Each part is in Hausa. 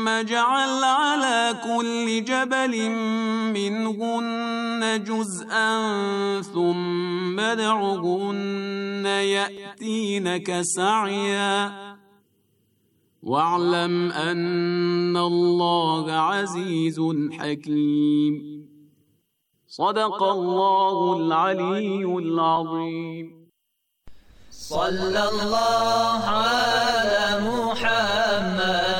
ثم اجعل على كل جبل منهن جزءا ثم ادعهن يأتينك سعيا واعلم أن الله عزيز حكيم صدق الله العلي العظيم صلى الله على محمد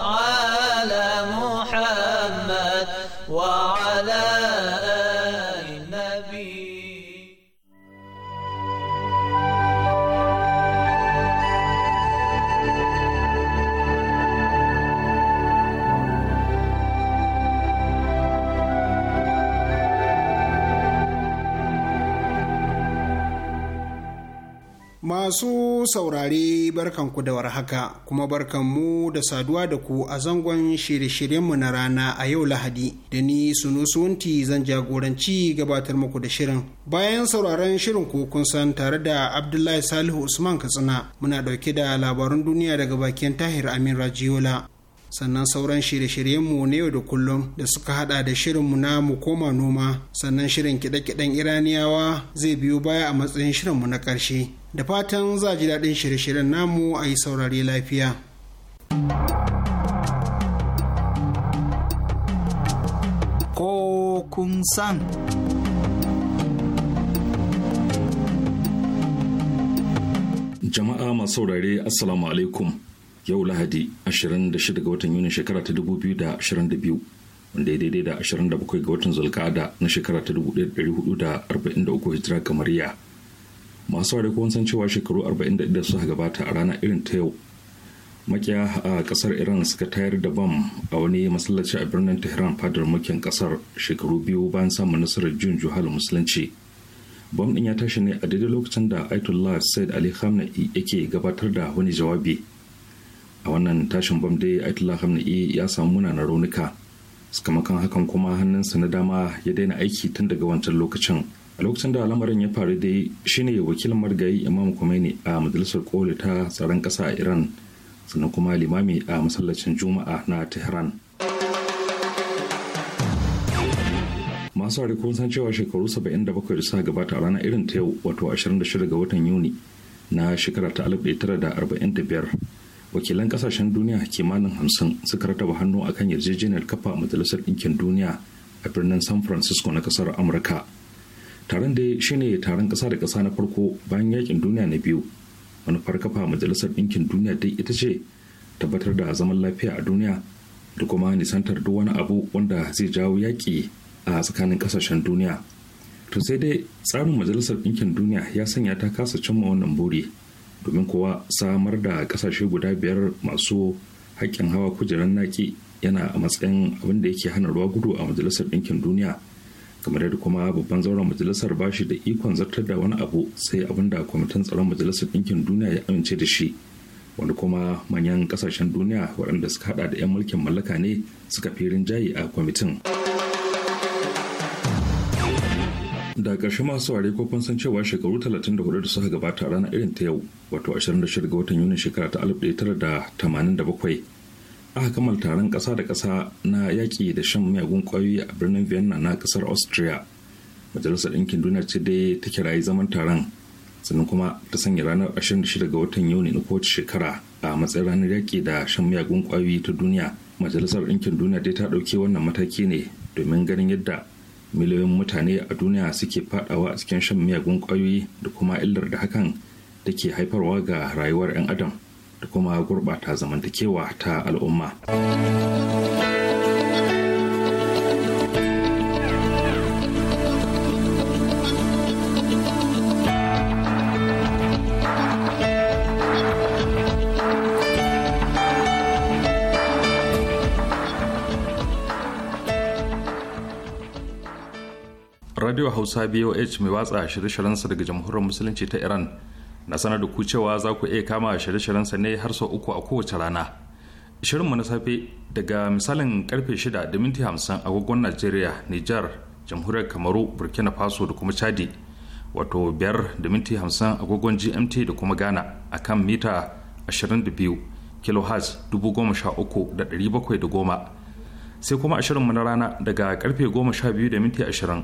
Masu saurare barkanku da warhaka kuma barkanmu da saduwa da ku a zangon shirye-shiryenmu na rana a yau Lahadi da ni Sunusunti zan jagoranci gabatar muku da shirin. Bayan sauraron shirin ku kun san tare da Abdullahi Salihu Usman Katsina muna ɗauke da labarun duniya daga bakin Tahir Amin Rajiola. sannan sauran shirye-shiryenmu na yau da kullum da suka hada da shirinmu na mu koma noma sannan shirin kiɗe-kiɗen iraniyawa zai biyo baya a matsayin shirinmu na ƙarshe da fatan za ji daɗin shirye-shiryen namu a yi saurari lafiya. Ko kun san. Jama'a masu saurare Assalamu alaikum yau Lahadi 26 ga watan Yuni shekara ta 2022 wanda ya daidai da 27 ga watan Zulkada na shekara ta 1443 Hijira Mariya. masu ware kun san cewa shekaru 41 suka gabata a rana irin ta yau makiya a kasar iran suka tayar da bam a wani masallaci a birnin tehran fadar mukin kasar shekaru biyu bayan samun nasarar jin juhal musulunci bam din ya tashi ne a daidai lokacin da aitullah said ali khamenei yake gabatar da wani jawabi a wannan tashin bam dai aitullah khamenei ya samu munanan raunuka sakamakon hakan kuma hannunsa na dama ya daina aiki tun daga wancan lokacin a lokacin da lamarin ya faru dai shine wakilin margayi imam kumaini a majalisar koli ta tsaron kasa a iran sannan kuma limami a masallacin juma'a na tehran masu hari kun san cewa shekaru 77 da suka gabata a ranar irin ta yau wato 26 ga watan yuni na shekara ta 1945 wakilan kasashen duniya kimanin hamsin suka rataba hannu akan yarjejeniyar kafa majalisar ɗinkin duniya a birnin san francisco na kasar amurka taron dai shine taron ƙasa da ƙasa na farko bayan yakin duniya na biyu manufar kafa majalisar ɗinkin duniya dai ita ce tabbatar da zaman lafiya a duniya da kuma nisantar duk wani abu wanda zai jawo yaƙi a tsakanin ƙasashen duniya to sai dai tsarin majalisar ɗinkin duniya ya sanya ta kasa cimma wannan buri domin kowa samar da ƙasashe guda biyar masu haƙƙin hawa kujerar naƙi yana a matsayin abin da yake hana ruwa gudu a majalisar ɗinkin duniya kamar yadda kuma babban zauren majalisar ba shi da ikon zartar da wani abu sai abin da kwamitin tsaron majalisar ɗinkin duniya ya amince da shi wanda kuma manyan ƙasashen duniya waɗanda suka hada da 'yan mulkin mallaka ne suka fi rinjaye a kwamitin da ƙarshe masu ware ko kun san cewa shekaru 34 da suka gabata ranar irin ta yau wato 26 ga watan yuni shekara ta 1987 aka kammala taron ƙasa da ƙasa na yaƙi da shan miyagun ƙwayoyi a birnin vienna na ƙasar austria majalisar ɗinkin duniya ce dai ta kirayi zaman taron sannan kuma ta sanya ranar 26 ga watan yuni na kowace shekara a matsayin ranar yaƙi da shan miyagun ƙwayoyi ta duniya majalisar ɗinkin duniya dai ta ɗauki wannan mataki ne domin ganin yadda miliyoyin mutane a duniya suke faɗawa a cikin shan miyagun ƙwayoyi da kuma illar da hakan take haifarwa ga rayuwar 'yan adam da kuma gurɓata zamantakewa ta al'umma. radio hausa boh mai watsa shirye-shiryensa daga jamhuriyar musulunci ta iran na sanar da ku cewa za ku iya kama shirye-shiryen sa ne har sau uku a kowace rana shirinmu na safe daga misalin karfe 6 da minti 50 agogon najeriya niger jamhuriyar kamaru burkina faso da kuma chadi wato 5 da minti 50 agogon gmt da kuma ghana a kan mita 22 kilohertz 13710 sai kuma a ashirinmu na rana daga karfe 12 da minti 20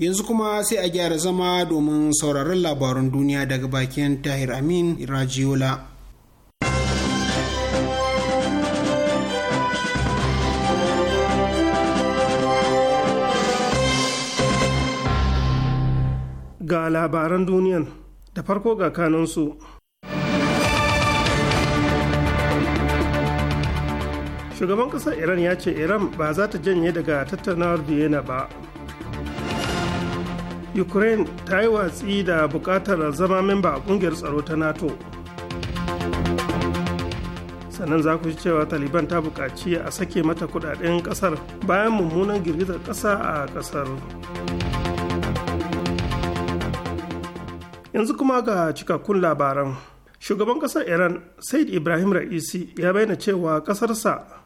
yanzu kuma sai a gyara zama domin sauraron labarun duniya daga bakin tahir amin rajiola ga labaran duniyan da farko ga kanansu shugaban kasar iran ya ce iran ba za ta janye daga tattaunawar vienna ba ukraine ta yi watsi da bukatar zama memba a kungiyar tsaro ta nato sannan za ku ji cewa taliban ta buƙaci a sake mata kudaden ƙasar bayan mummunan girgizar ƙasa a ƙasar yanzu kuma ga cikakkun labaran shugaban ƙasar iran said ibrahim ra'isi ya bayyana cewa ƙasarsa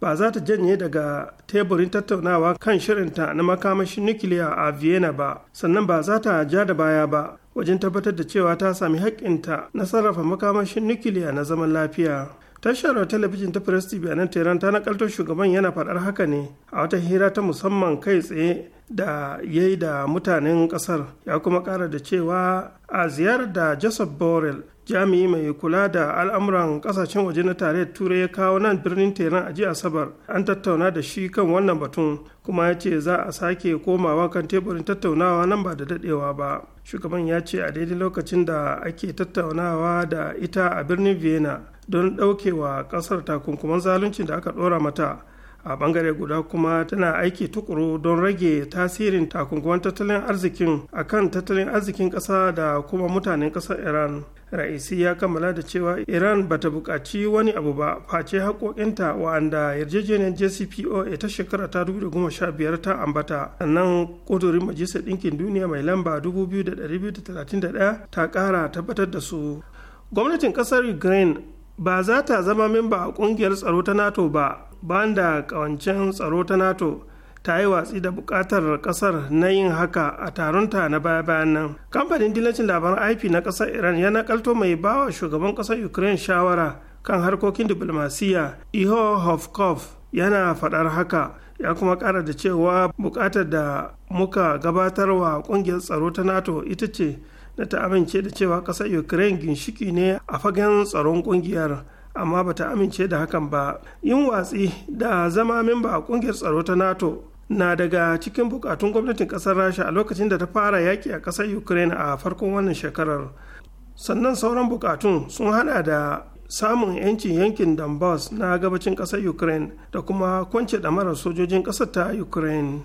ba za ta janye daga teburin tattaunawa kan shirinta na makamashin nukiliya a vienna ba sannan ba za ta ja da baya ba wajen tabbatar da cewa ta sami haƙƙinta na sarrafa makamashin nukiliya na zaman lafiya tashar talabijin ta press tv a nan tehran ta nakaltar shugaban yana faɗar haka ne a wata hira ta musamman kai tsaye da ya yi da mutanen ƙasar ya kuma ƙara da cewa a ziyarar da joseph borrell jami'i mai kula da al'amuran ƙasashen waje na tarayyar turai ya kawo nan birnin tehran a jiya asabar an tattauna da shi kan wannan batun kuma ya ce za a sake komawa kan teburin tattaunawa nan ba da daɗewa ba shugaban ya ce a daidai lokacin da ake tattaunawa da ita a birnin vienna don daukewa kasar takunkuman zaluncin da aka ɗora mata a bangare guda kuma tana aiki tukuru don rage tasirin takunkuman tattalin arzikin a kan tattalin arzikin ƙasa da kuma mutanen ƙasar iran ra'isi ya kammala da cewa iran ba ta buƙaci wani abu ba face haƙoƙinta wa'anda yarjejeniyar jcpoa ta shekara ta 2015 ta ambata sannan ƙudurin majalisar ɗinkin duniya mai lamba 2231 ta ƙara tabbatar da su gwamnatin ƙasar ukraine ba za ta zama memba a kungiyar tsaro ta nato ba bayan da kawancin tsaro ta nato ta yi watsi da bukatar kasar na yin haka a taronta na baya-bayan nan kamfanin dilancin labaran ip na kasar iran ya nakalto mai bawa shugaban kasar ukraine shawara kan harkokin diplomasiya iho hofkov yana faɗar haka ya kuma ƙara da cewa buƙatar da muka gabatarwa ƙungiyar tsaro ta nato ita ce da ta amince da cewa ƙasar ukraine ginshiki ne a fagen tsaron ƙungiyar amma ba ta amince da hakan ba yin watsi da zama memba a ƙungiyar tsaro ta nato na daga cikin bukatun gwamnatin ƙasar rasha a lokacin da ta fara yaƙi a ƙasar ukraine a farkon wannan shekarar sannan sauran bukatun sun hada da samun yancin yankin donbass na gabacin ƙasar ukraine da kuma kwance ɗamarar sojojin ƙasar ta ukraine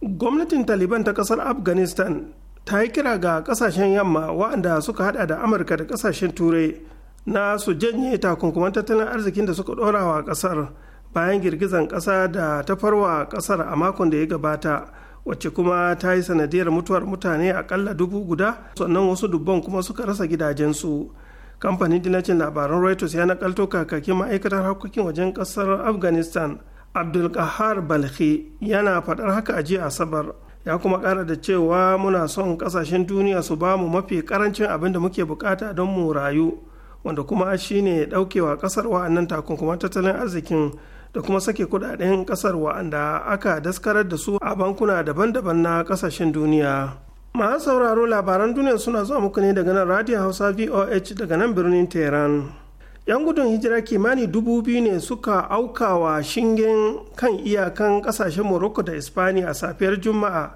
gwamnatin taliban ta ƙasar afghanistan ta yi kira ga kasashen yamma waɗanda suka hada da amurka da kasashen turai na su janye takunkuman tattalin arzikin da suka ɗora wa ƙasar bayan girgizan ƙasa da ta farwa ƙasar a makon da ya gabata wacce kuma ta yi sanadiyar mutuwar mutane akalla dubu guda sannan wasu dubban kuma suka rasa gidajensu kamfanin dinacin labaran reuters ya nakalto kakakin ma'aikatar harkokin wajen ƙasar afghanistan abdulkahar balhi yana faɗar haka a jiya asabar ya kuma kara da cewa muna son kasashen duniya su ba mu mafi karancin abin da muke bukata don mu rayu wanda kuma shine daukewa kasar wa'annan takunkuma tattalin arzikin da kuma sake kudaden kasar wa'anda aka daskarar da su a bankuna daban-daban na kasashen duniya masu sauraro labaran duniya suna zuwa muku ne daga nan radio hausa voh daga nan birnin tehran 'yan gudun hijira kimani dubu biyu ne suka auka wa shingen kan iyakan kasashen morocco da ispaniya a safiyar juma'a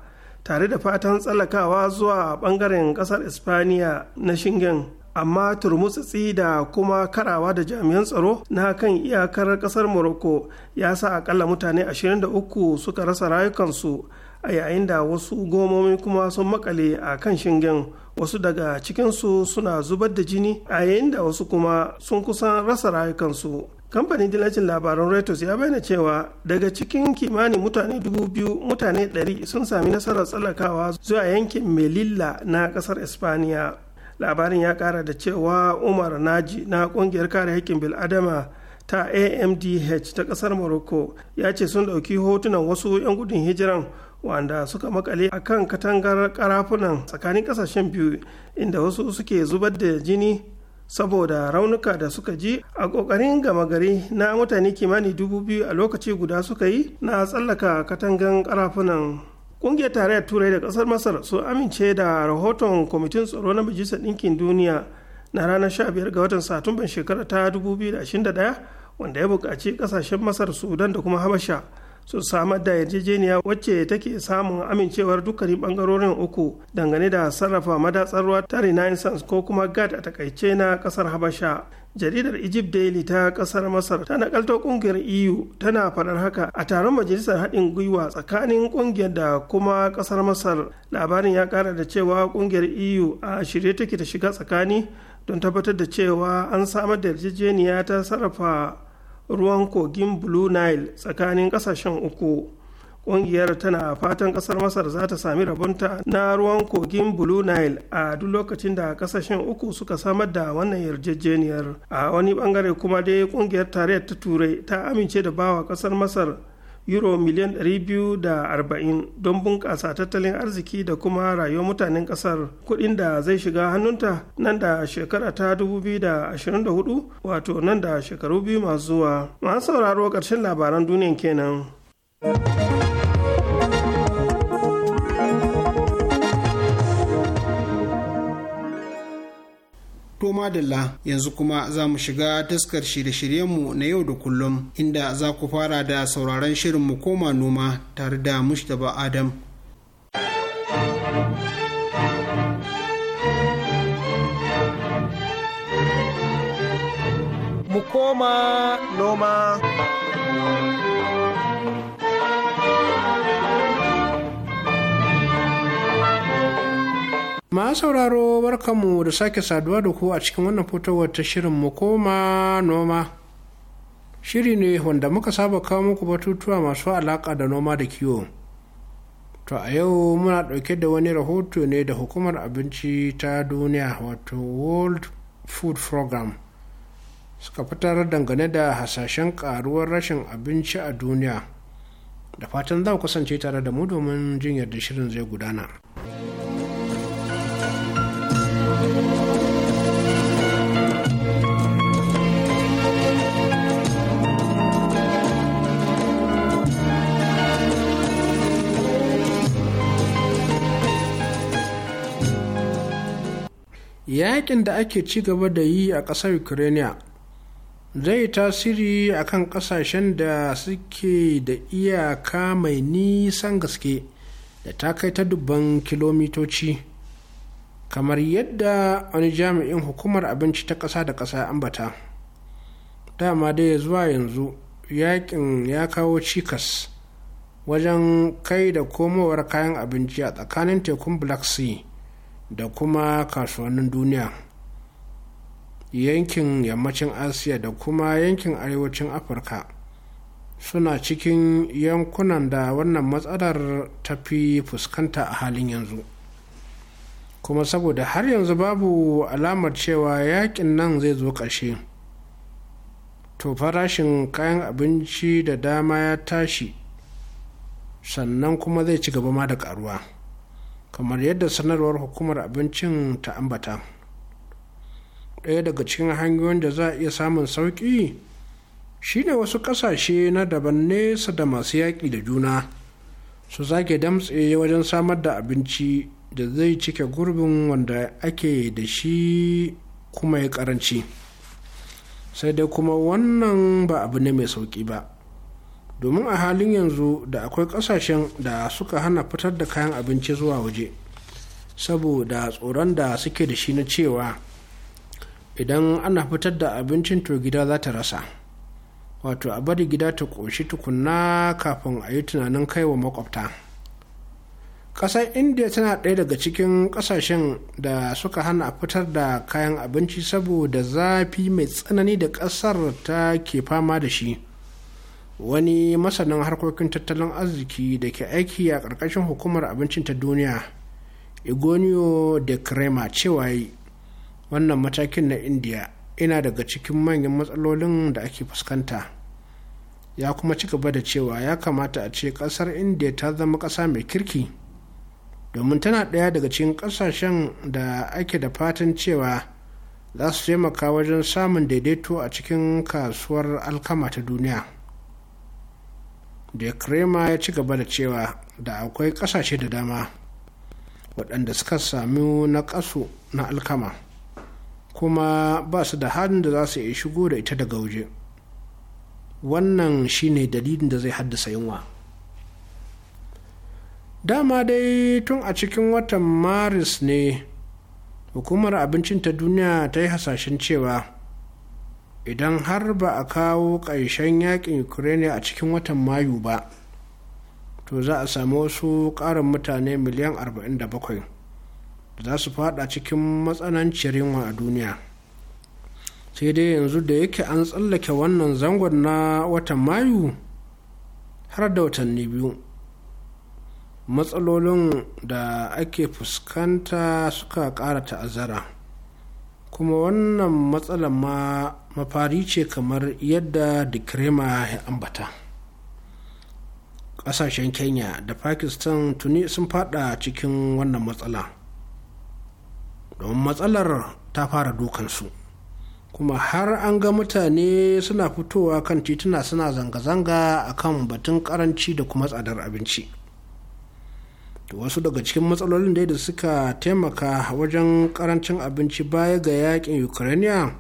tare da fatan tsallakawa zuwa bangaren kasar ispaniya na shingen amma turmutsitsi da kuma karawa da jami'an tsaro na kan iyakar kasar morocco ya sa akalla mutane 23 suka rasa rayukansu a yayin da wasu gomomi kuma sun makale a kan shingen wasu daga cikinsu suna zubar da jini a yayin da wasu kuma sun kusan rasa rayukansu kamfanin dilacin labaran reuters ya bayyana cewa daga cikin kimanin mutane dubu biyu mutane ɗari sun sami nasarar tsallakawa zuwa yankin melilla na kasar espaniya labarin ya kara da cewa umar naji na kungiyar kare haƙƙin bil'adama ta amdh ta kasar morocco ya ce sun ɗauki hotunan wasu 'yan gudun hijiran wanda suka makale a kan katangar karafunan tsakanin kasashen biyu inda wasu suke zubar da jini saboda raunuka da suka ji a ƙoƙarin gama gari na mutane kimanin dubu biyu a lokaci guda suka yi na tsallaka katangan karafunan ƙungiyar tarayyar turai da ƙasar masar su amince da rahoton kwamitin tsaro na majalisar ɗinkin duniya na ranar 15 ga watan satumban shekarar ta 2021 wanda ya buƙaci ƙasashen masar sudan da kuma habasha su samar da yarjejeniya wacce take samun amincewar dukkanin bangarorin uku dangane da sarrafa madatsar ruwa ta renaissance ko kuma gad a takaice na kasar habasha jaridar egypt daily ta kasar masar ta nakalto kungiyar eu tana faɗar haka a taron majalisar haɗin gwiwa tsakanin kungiyar da kuma kasar masar labarin ya kara da cewa kungiyar eu a shirye take ta shiga tsakani don tabbatar da cewa an samar da yarjejeniya ta sarrafa ruwan kogin blue nile tsakanin kasashen uku ƙungiyar tana fatan ƙasar masar za ta sami rabonta na ruwan kogin blue nile a duk lokacin da ƙasashen uku suka samar da wannan yarjejeniyar a wani bangare kuma dai ƙungiyar tarayyar ta turai ta amince da bawa ƙasar masar euro miliyan 240 don bunkasa tattalin arziki da kuma rayuwar mutanen kasar kuɗin da zai shiga hannunta nan da shekara ta 2024 wato nan da shekaru biyu masu zuwa masu sauraro ƙarshen labaran duniyan kenan. To madalla yanzu kuma za mu shiga taskar shirye-shiryenmu na yau da kullum inda za ku fara da sauraron shirin mu koma noma tare da mustapha Adam. Mu koma noma. Ma sauraro barkanmu da sake saduwa da ku a cikin wannan fitowar ta shirin mu koma noma. Shiri ne wanda muka saba kawo muku batutuwa masu alaƙa da noma da kiwo. To a yau muna ɗauke da wani rahoto ne da hukumar abinci ta duniya wato World Food Program suka fitar dangane da hasashen ƙaruwar rashin abinci a duniya. Da fatan za ku kasance tare da mu domin jin yadda shirin zai gudana. yakin da ake ci gaba da yi a ƙasar ukraine zai tasiri a kan ƙasashen da suke da iyaka mai nisan gaske da ta kai ta dubban kilomitoci kamar yadda wani jami'in hukumar abinci ta ƙasa da ƙasa ambata dama dai zuwa yanzu yakin ya kawo cikas wajen kai da komowar kayan abinci a tsakanin tekun black sea da kuma kasuwannin duniya yankin yammacin asiya da kuma yankin arewacin afirka suna cikin yankunan da wannan matsalar ta fi fuskanta a halin yanzu kuma saboda har yanzu babu alamar cewa yakin nan zai zo ƙarshe to farashin kayan abinci da dama ya tashi sannan kuma zai ci gaba ma da ƙaruwa. kamar yadda sanarwar hukumar abincin ta ambata ɗaya daga cikin hanyoyin da za a iya samun sauƙi shine wasu ƙasashe na daban nesa da masu yaƙi da juna su zage damtse wajen samar da abinci da zai cike gurbin wanda ake da shi kuma ya ƙaranci sai dai kuma wannan ba abu ne mai sauƙi ba domin a halin yanzu da akwai kasashen da suka hana fitar da kayan abinci zuwa waje saboda tsoron da suke da shi na cewa idan ana fitar da abincin to gida za ta rasa wato a bari gida ta ƙoshi tukunna kafin a yi tunanin kaiwa makwabta ƙasar india tana ɗaya daga cikin ƙasashen da suka hana fitar da kayan abinci saboda zafi mai tsanani da ƙasar ta ke fama da shi wani masanin harkokin tattalin arziki da ke aiki a ƙarƙashin hukumar abincin ta duniya igonio de crema cewa wannan matakin na india ina daga cikin manyan matsalolin da ake fuskanta ya kuma ci gaba da cewa ya kamata a ce ƙasar india ta zama ƙasa mai kirki domin tana ɗaya daga cikin ƙasashen da ake da fatan cewa za su taimaka wajen samun daidaito a cikin kasuwar alkama ta duniya. da krema ya ci gaba da cewa da akwai kasashe da dama waɗanda suka sami na ƙasu na alkama kuma ba su da halin da za su iya shigo da ita daga waje wannan shine dalilin da zai haddasa yunwa dama dai tun a cikin watan maris ne hukumar abincin ta duniya ta yi hasashen cewa idan har ba a kawo ƙarshen yaƙin ukraine a cikin watan mayu ba to za a samu wasu ƙarin mutane miliyan 47 za su fada cikin matsananciyar yunwa a duniya sai dai yanzu da yake an tsallake wannan zangon na watan mayu har da watanni biyu matsalolin da ake fuskanta suka ƙara ta'azzara. kuma wannan matsalar ma mafari ce kamar yadda dikrema ya ambata ƙasashen kenya da pakistan tuni sun fada cikin wannan matsala domin matsalar ta fara dukansu kuma har an ga mutane suna fitowa kan tituna suna zanga-zanga akan batun karanci da kuma tsadar abinci wasu daga cikin matsalolin da suka taimaka wajen karancin abinci baya ga yakin ukraine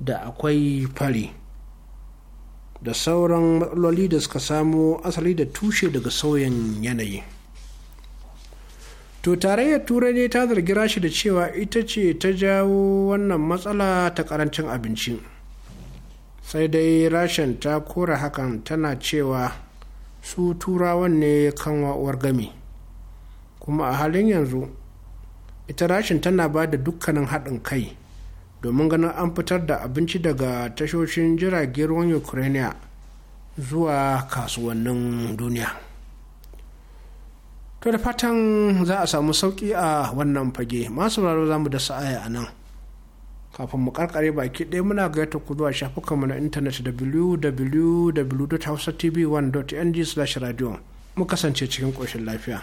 da akwai fari da sauran matsaloli da suka samo asali da tushe daga sauyin yanayi to tarayyar turai ne ta zargi rashi da cewa ita ce ta jawo wannan matsala ta karancin abinci sai dai rashin ta kora hakan tana cewa su turawan ne kan wa'uwar gami kuma a halin yanzu ita rashin tana ba da dukkanin haɗin kai domin ganin an fitar da abinci daga tashoshin jiragen ruwan ukraine zuwa kasuwannin duniya to da fatan za a samu sauƙi a wannan fage masu sauraro za mu da sa'aya a nan kafin mu karkare baki ɗaya muna gaita ku zuwa shafukanmu na intanet www.hausatv1.ng/radio mu kasance cikin ƙoshin lafiya.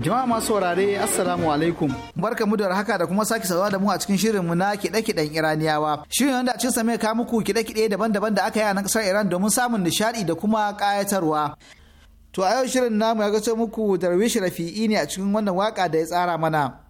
jama'a masu saurare assalamu alaikum barka mu da haka da kuma sake sauwa da mu a cikin shirin mu na kiɗe-kiɗen iraniyawa shirin wanda a cikin sa ka muku kiɗe-kiɗe daban-daban da aka yi a nan ƙasar iran domin samun nishaɗi da kuma ƙayatarwa to a yau shirin namu ya gaso muku darwish rafi'i ne a cikin wannan waka da ya tsara mana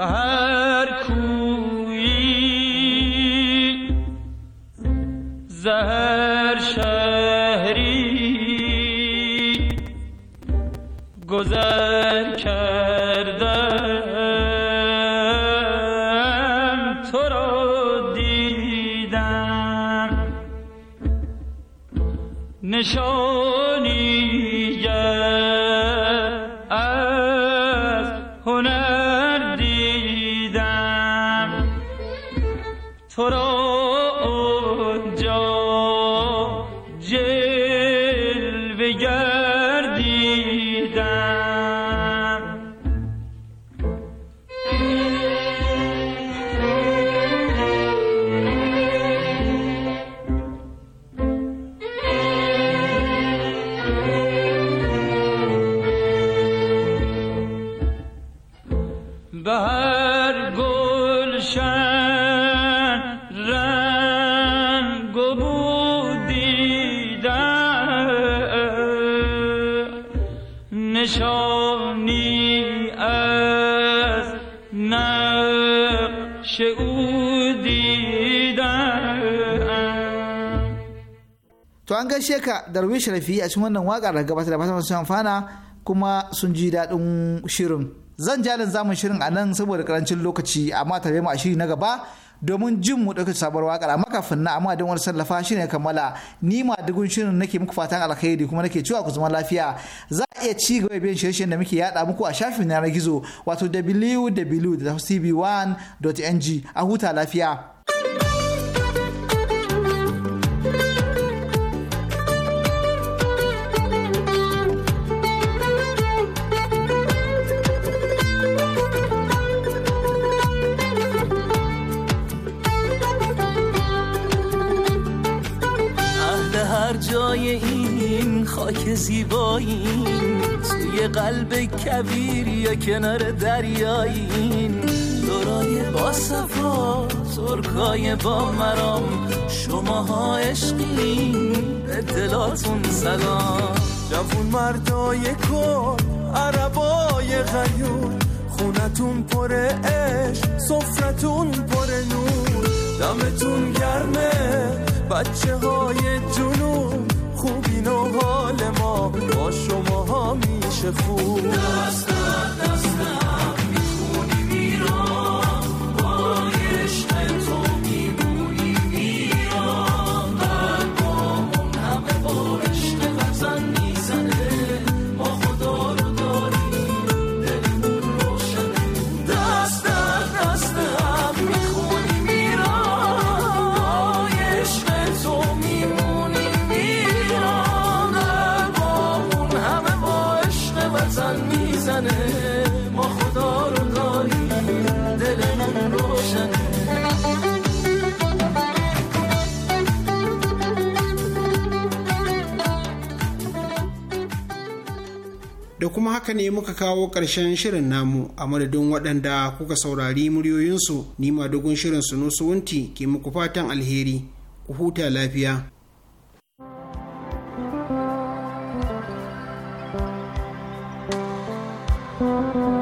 Uh-huh. an gaishe ka darwish rafi a cikin wannan waƙar da gabatar da fatan sun amfana kuma sun ji daɗin shirin zan jalin zamun shirin a nan saboda karancin lokaci amma tare mu a shiri na gaba domin jin mu ɗauki sabuwar waƙar amma kafin na amma don wani sallafa shine ne kammala ni ma dugun shirin nake muku fatan alkhairi kuma nake cewa ku zama lafiya za a iya ci gaba biyan shirye da muke yada muku a shafin yanar gizo wato www.tv1.ng a huta lafiya. خاک زیبایی توی قلب کویر یا کنار دریایین دورای با صفا ترکای با مرام شماها عشقین اطلاعتون سلام جوون مردای کن عربای غیور خونتون پر عشق صفرتون پر نور دمتون گرمه بچه های جنوب این و حال ما با شما ها میشه خوب داستان داستان muka kawo ƙarshen shirin namu a madadin waɗanda kuka saurari muryoyinsu ni dugun shirin sunusu wunti ke muku fatan alheri ku huta lafiya thank you